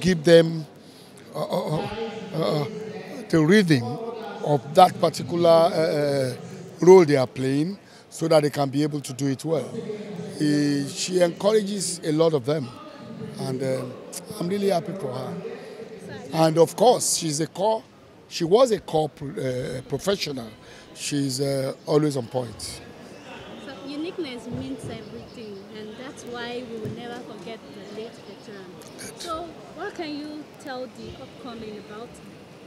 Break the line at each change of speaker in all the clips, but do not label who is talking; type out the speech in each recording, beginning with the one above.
give them uh uh, uh, uh, uh, the rhythm of that particular uh, role they are playing so that they can be able to do it well. she encourages a lot of them and I'm really happy for her. And of course, she's a core, she was a core professional. She's always on point.
So uniqueness means everything. That's why we will never forget the late veteran. So, what can you tell the upcoming about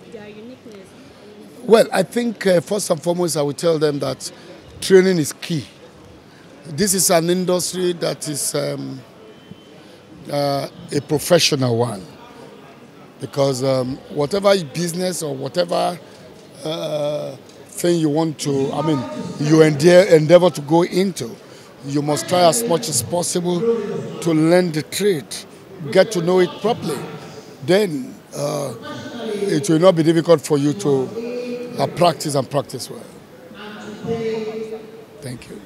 their uniqueness?
Well, I think uh, first and foremost, I will tell them that training is key. This is an industry that is um, uh, a professional one because um, whatever business or whatever uh, thing you want to, I mean, you endeavor to go into, you must try as much as possible to learn the trade, get to know it properly. Then uh, it will not be difficult for you to uh, practice and practice well. Thank you.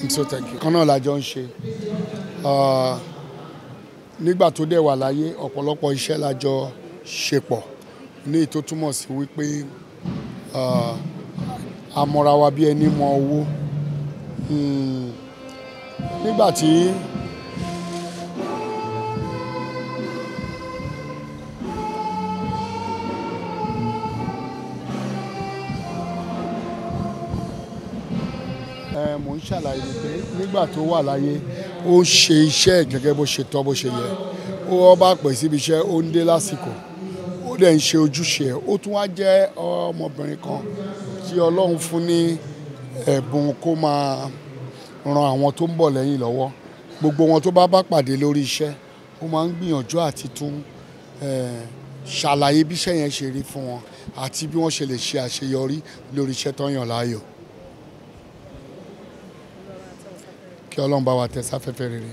I'm so thank you. Kan náà la jọ ń ṣe. Uh, nígbà tó dẹ̀ wà láyé, ọ̀pọ̀lọpọ̀ iṣẹ́ la jọ ṣe pọ̀. Ní ètò túmọ̀ sí wípé uh, a mọra wa bí ẹni nígbà tí mò ń ṣàlàyé pé nígbà tó wà láyé ó ṣe iṣẹ́ gẹ́gẹ́ bó ṣe tọ́ bó ṣe yẹ ó ọba pè síbi iṣẹ́ ó ń dé lásìkò ó dẹ̀ ń ṣe ojúṣe ẹ̀ ó tún wá jẹ́ ọmọbìnrin kan tí ọlọ́run fún ní ẹ̀bùn kó máa ran àwọn tó ń bọ̀ lẹ́yìn lọ́wọ́ gbogbo wọn tó bá bá pàdé lórí iṣẹ́ ó máa ń gbìyànjú àti tún ṣàlàyé bí iṣẹ́ yẹn ṣe rí fún wọn àti bí wọ́n ṣe lè ṣe àṣeyọrí lórí iṣẹ́ tó yàn láàyò. kí ọlọ́run bá wa tẹ sáfẹ́fẹ́ rere.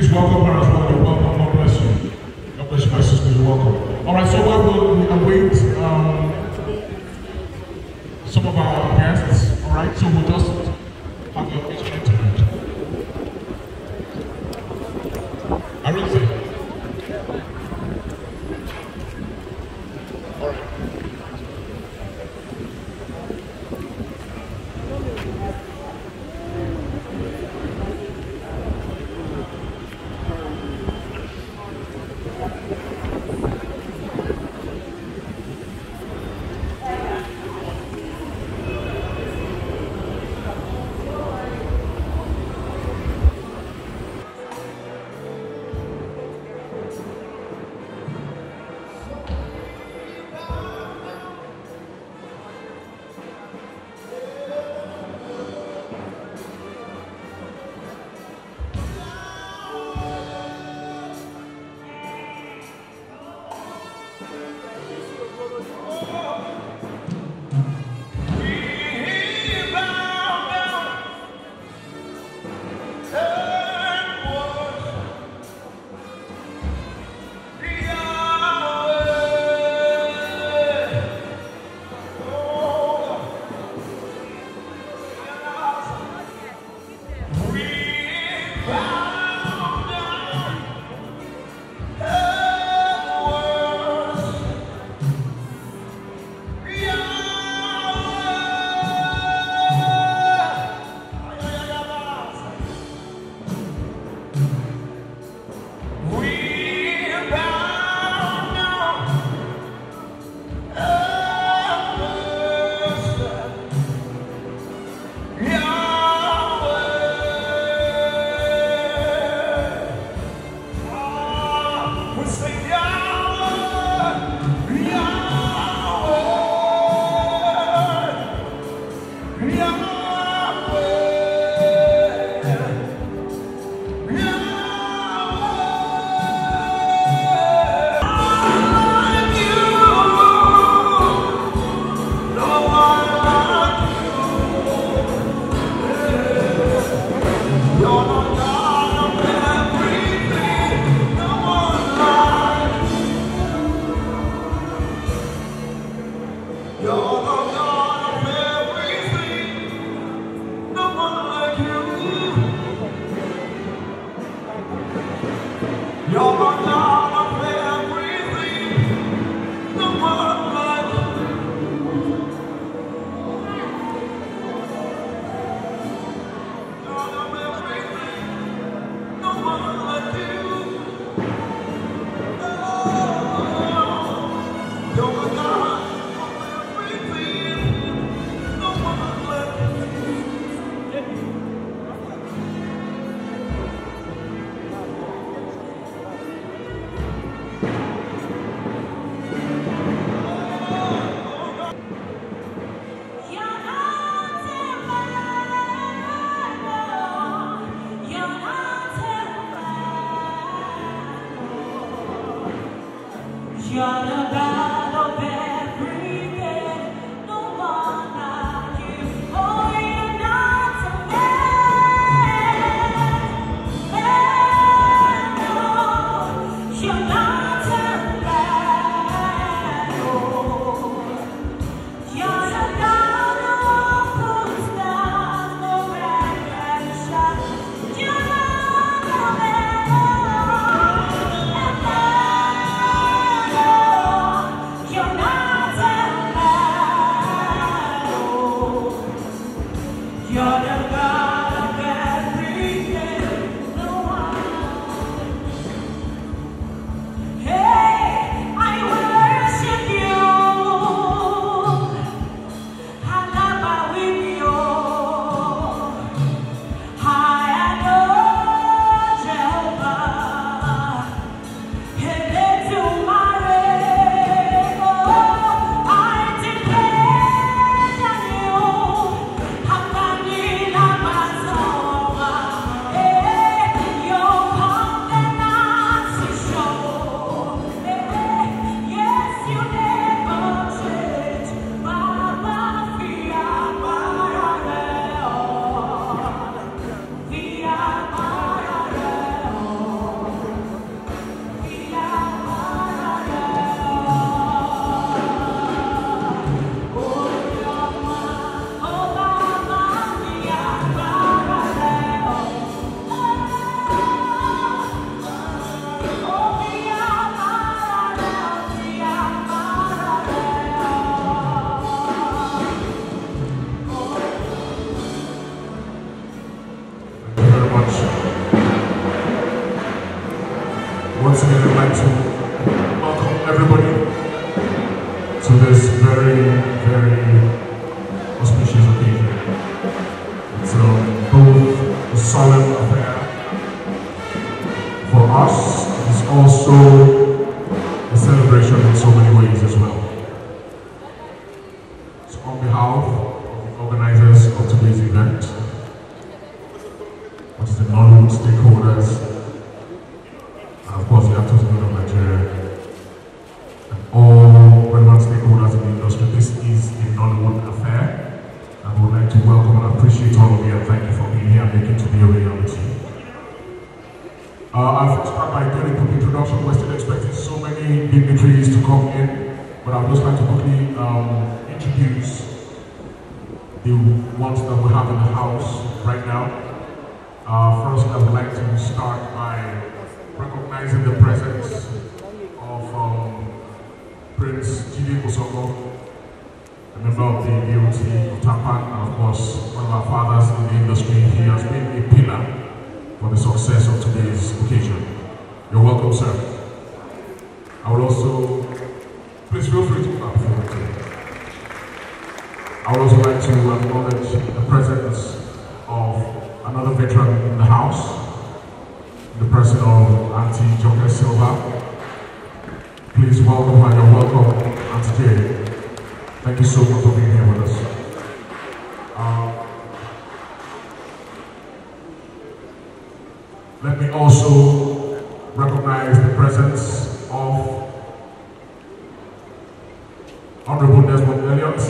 Please welcome our Thank you. to welcome and appreciate all of you and thank you for being here and making to be a reality. Uh, I'll first start by doing a quick introduction. We're still expecting so many dignitaries to come in, but I'd just like to quickly um, introduce the ones that we have in the house right now. Uh, first, I would like to start by recognizing the presence of um, Prince G.D. Kosoko, a member of the AOT of TAPAC, and of course, one of our fathers in the industry. He has been a pillar for the success of today's occasion. You're welcome, sir. I will also, please feel free to clap for me. I would also like to acknowledge the presence of another veteran in the house, the person of Auntie Joker Silva. Please welcome and welcome Auntie Jay. Thank you so much for being here with us. Um, let me also recognize the presence of Honorable Desmond Elliott,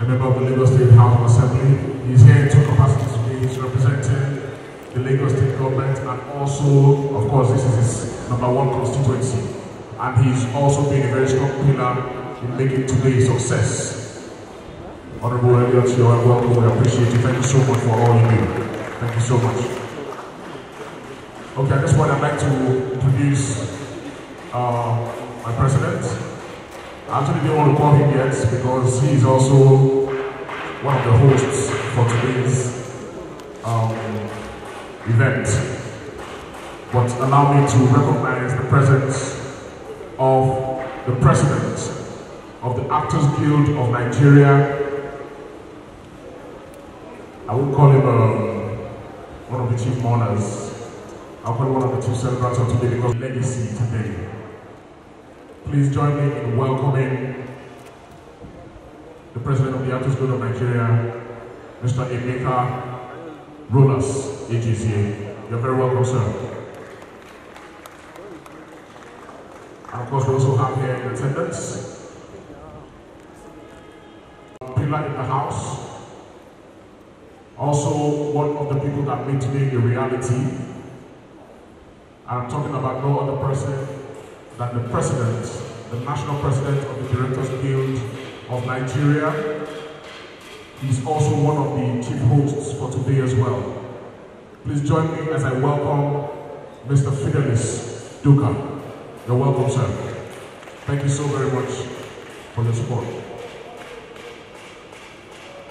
a member of the Lagos State House of Assembly. He's here in two capacities today. He's representing the Lagos State government and also, of course, this is his number one constituency. And he's also been a very strong pillar making today a success. Honorable Elliot, you are welcome. We appreciate you. Thank you so much for all you do. Thank you so much. Okay, at this point, I'd like to introduce uh, my president. I actually didn't want to call him yet because he is also one of the hosts for today's um, event. But allow me to recognize the presence of the president of the Actors Guild of Nigeria. I will call him um, one of the chief mourners. I'll call him one of the chief celebrants of today because legacy today. Please join me in welcoming the president of the Actors Guild of Nigeria, Mr. Emeka Rolas, AGCA. You're very welcome, sir. And of course, we also have here in attendance believer in the house, also one of the people that made today a reality. I'm talking about no other person than the president, the national president of the Directors Guild of Nigeria. He's also one of the chief hosts for today as well. Please join me as I welcome Mr. Fidelis Duca. You're welcome, sir. Thank you so very much for your support.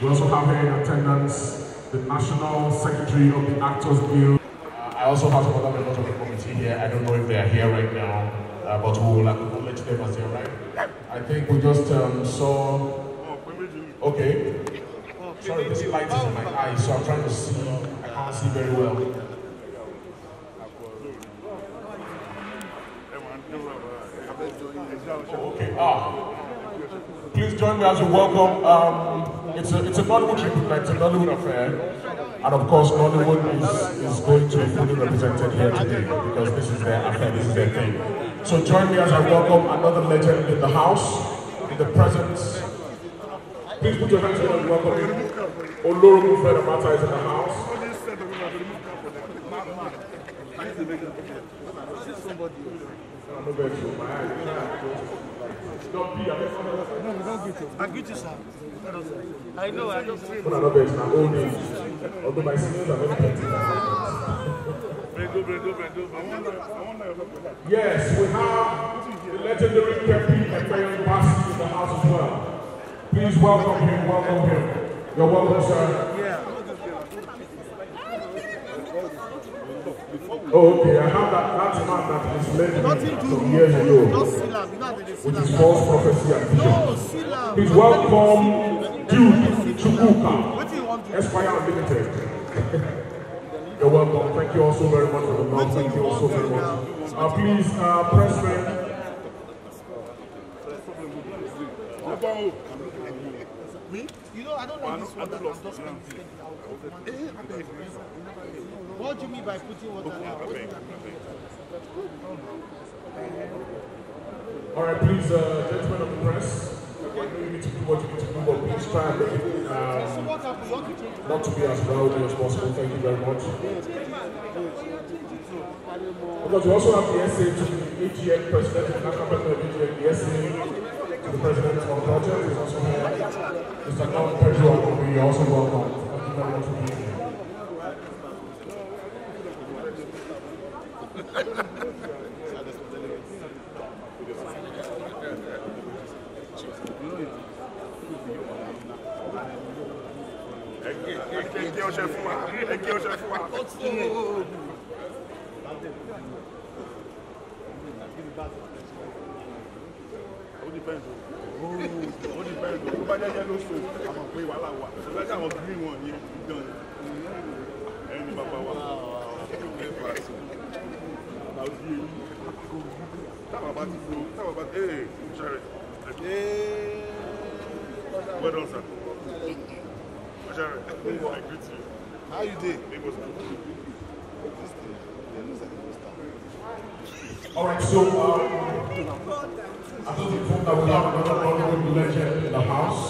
We also have here in attendance the National Secretary of the Actors Guild. Uh, I also have some other members of the committee here. I don't know if they are here right now, uh, but we will acknowledge them as they arrive. I think we just um, saw. Okay. Sorry, this light is in my eyes, so I'm trying to see. I can't see very well. Oh, okay. Ah. Please join me as we welcome. Um, it's a, it's a Bollywood tribute it's a Bollywood affair. And of course, Bollywood is, is going to be fully represented here today because this is their affair, this is their thing. So join me as I welcome another legend in the house, in the presence. Please put your hands together and welcome him. Olorogun Fred Amata is in the house. Don't be, I'm not going to. I'm going to, sir. I know, I my Yes, we have the legendary Kepi Efeyan Basi in the house as well. Please welcome him, welcome him. You're welcome, sir. Yeah. Oh, okay,
I have that, that man that is led some years ago,
which is false prophecy and vision. Please welcome
Dude Chukuka,
Esquire Limited. You're welcome. Thank you all so very much for the love. Thank you all so very much. Uh,
please, uh, pressman. Me? You know, I don't like this water. I'm just going to What do you mean by putting water out?
All right, please, uh, gentlemen of the press please try
not to be as rowdy as
possible. Thank you very much. Because we also have the essay to the AGM president, the national of AGM, the essay to the president of culture is also here. Mr. Tom Pedro, we also welcome. Thank you very much for being here. After the coup that we have another honorable legend in the house.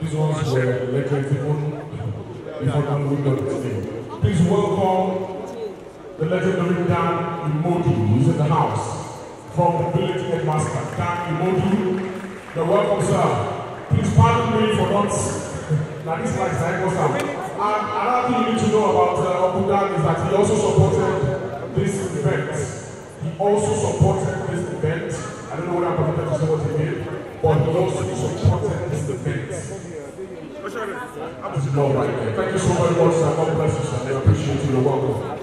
These ones were legend people before Don Woodon today. Please welcome the legendary Dan Imodi, who's in the house, from the village headmaster. Dan Imodi, you're welcome, sir. Please pardon me for not now this man is an Muslim. And another thing you need to know about uh, Abu is that he also supported this He also supported this event. I don't know what I'm going to what he did, but he also supported this event. No, right Thank you so very much, sir. God bless you, sir. I appreciate you. You're welcome.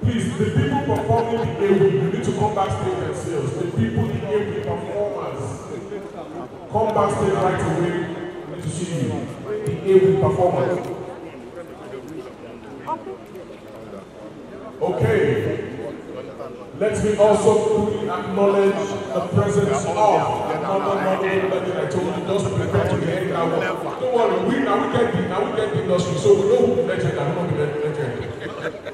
Please, the people performing the AW, you need to come backstage and see us. The people in AW performers, come backstage right away. to see you. The AW performers. Okay. Let me also quickly acknowledge the presence of another moderator that I told you just prepare to the end Don't worry, we now we get the now we get the industry, so we know who legend and who not the legend.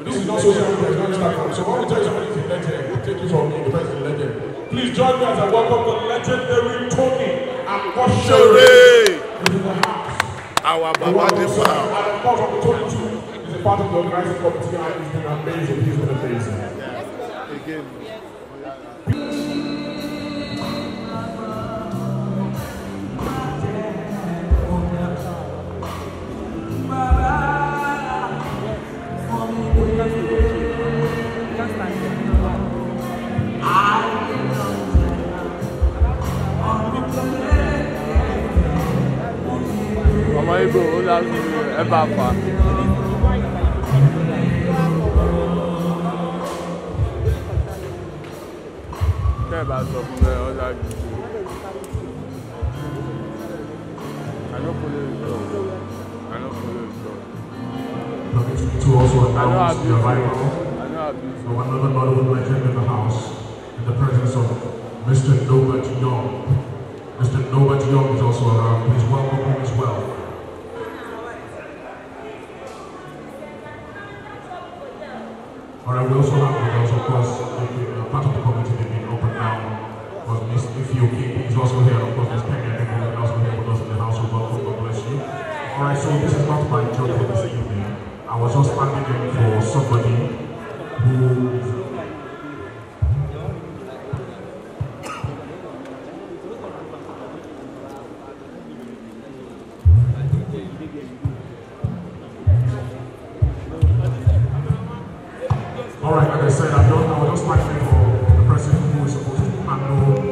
This is not social media, it's not Instagram. So when we tell you somebody it's a legend, we take it from me, the person legend. Please join me as I welcome the legendary Tony the house. Our Baba the Power. And of course, Tony too is a part of the organizing committee and he's been amazing. He's been amazing. géèmù. Ama Ebru, o lazım. Hep apa. bẹ́ẹ̀ bá sọ fún bẹ́ẹ̀ also announced the arrival of another notable legend in the house in the presence of Mr. Nobel was just standing in for somebody who All right, I said, I not just for the person who is supposed to handle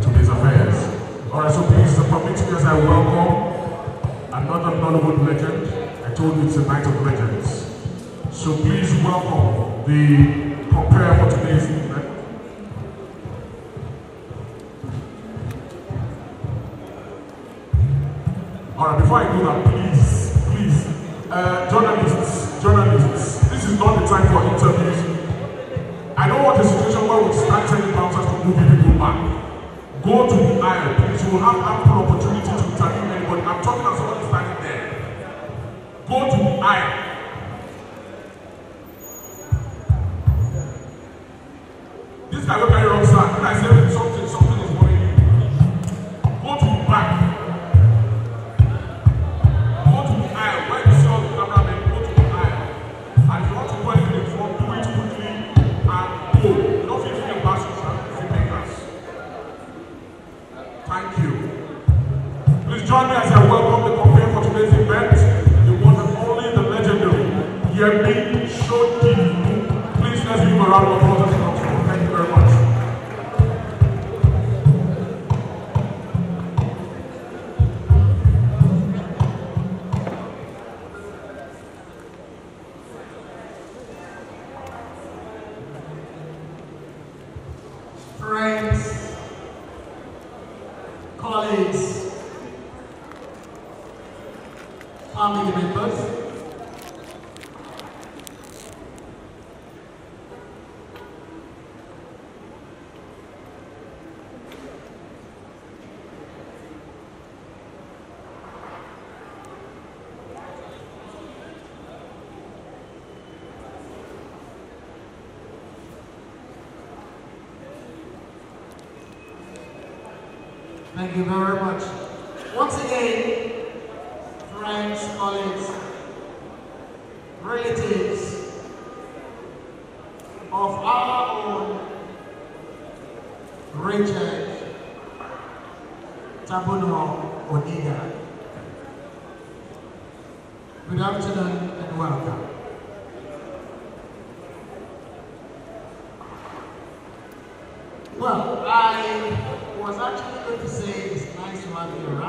today's affairs. All right, so please I another Nollywood legend, told you it's a night of legends. So please welcome the prepare for today's Thank you very much. Once again, friends, colleagues, relatives of our own Richard Tabuno Odiga. Good afternoon and welcome. Well, I was actually going to say on the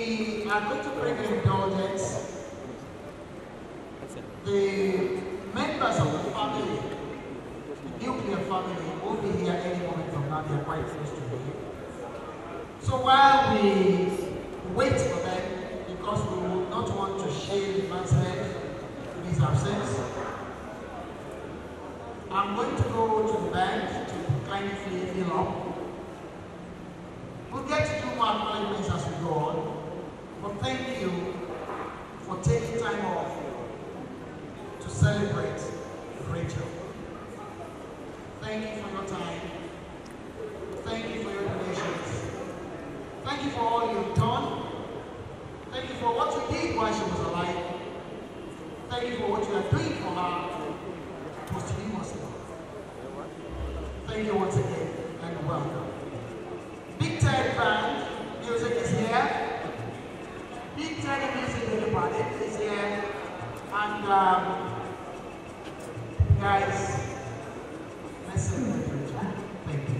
I'd like to bring an indulgence. The members of the family, the nuclear family, will be here any moment from now. They are quite close to me. So while we wait for them, because we will not want to share the man's head in his absence, I'm going to go to the bank to kindly fill up. We'll get two more appointments time. Thank you for your donations. Thank you for all you've done. Thank you for what you did while she was alive. Thank you for what you are doing for her posthumously. Thank you once again and welcome. Big time Band Music is here. Big time Music Everybody is here. And um, guys, listen. Amen.